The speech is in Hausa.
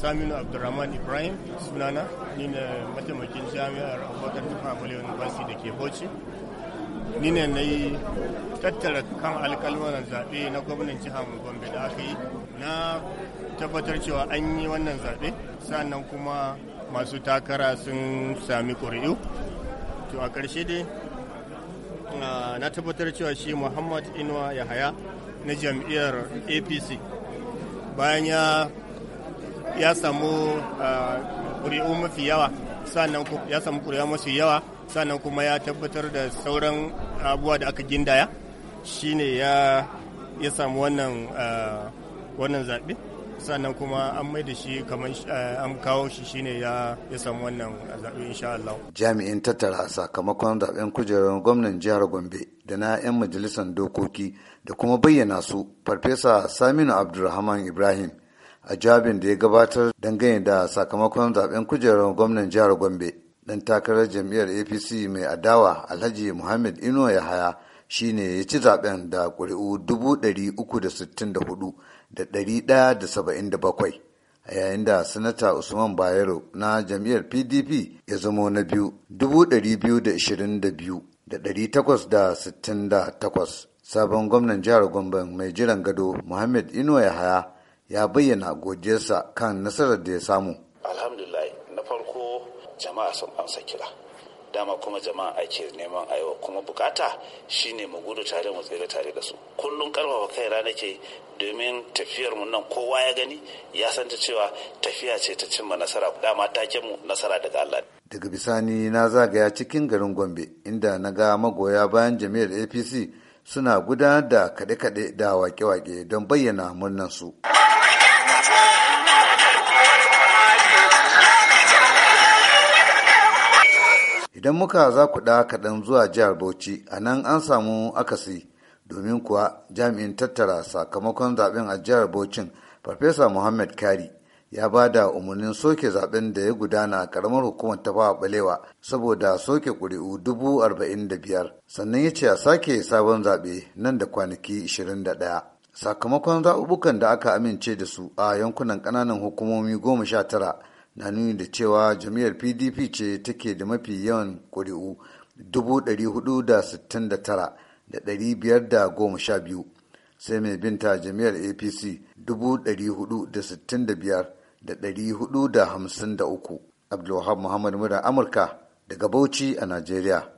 Saminu Abdulrahman Ibrahim sunana ni ne mataimakin jami'ar Abubakar Tufa Abule University da ke Bauchi. Ni ne na yi tattara kan alkalmanan zaɓe na gwamnan jihar Gombe da aka yi na tabbatar cewa an yi wannan zaɓe sannan kuma masu takara sun sami ƙuri'u. To a ƙarshe dai na tabbatar cewa shi Muhammad Inuwa Yahaya na jam'iyyar APC bayan ya ya samu ah, ƙuri'u mafi yawa sannan ya samu ƙuri'a mafi yawa sannan kuma ya tabbatar da sauran abubuwa da aka gindaya shi ne ya samu ah, wannan zaɓe sannan kuma an mai da shi kamar ah, an kawo shi shine ne ya samu wannan zaɓe insha Allah. Jami'in tattara sakamakon zaɓen kujerar gwamnan jihar Gombe da na 'yan majalisar dokoki da kuma bayyana su Farfesa Saminu Abdulrahman Ibrahim a jabin da ya gabatar dangane da sakamakon zaben kujerar gwamnan jihar Gombe. Dan takarar jam'iyyar APC mai adawa Alhaji Muhammad Ino Yahaya shine ya ci zaben da ƙuri'u bakwai, a yayin da sanata usman bayero na jam'iyyar pdp ya zamo na biyu takwas, sabon gwamnan jihar gombe mai jiran gado muhammad inuwa yahaya ya bayyana godiyarsa kan nasarar da ya samu. Alhamdulillah na farko jama'a sun amsa kira. dama kuma jama'a ake neman aiwa kuma bukata shine mu gudu tare mu tsira tare da su kullum karfafa kai rana ke domin tafiyar mu nan kowa ya gani ya san ta cewa tafiya ce ta cimma nasara dama taken mu nasara daga Allah daga bisani na zagaya cikin garin Gombe inda na ga magoya bayan jami'ar APC suna gudanar da kaɗe-kaɗe da wake-wake don bayyana murnan su. idan muka za ku ɗa kaɗan zuwa jihar bauchi a nan an samu akasi domin kuwa jami'in tattara sakamakon zaɓen a jihar bauchin farfesa muhammad kari ya ba da umarnin soke zaɓen da ya gudana a karamar hukumar ta fawa balewa saboda soke ƙuri'u dubu arba'in da biyar sannan ya ce a sake sabon zaɓe nan da kwanaki ishirin da ɗaya sakamakon zaɓuɓɓukan da aka amince da su a yankunan ƙananan hukumomi goma sha tara na nuni da cewa jami'ar pdp ce take da mafi yawan ƙuri'u 469,512 sai mai binta jami'ar apc 465,453 abdulwahab muhammad mura amurka daga bauchi a najeriya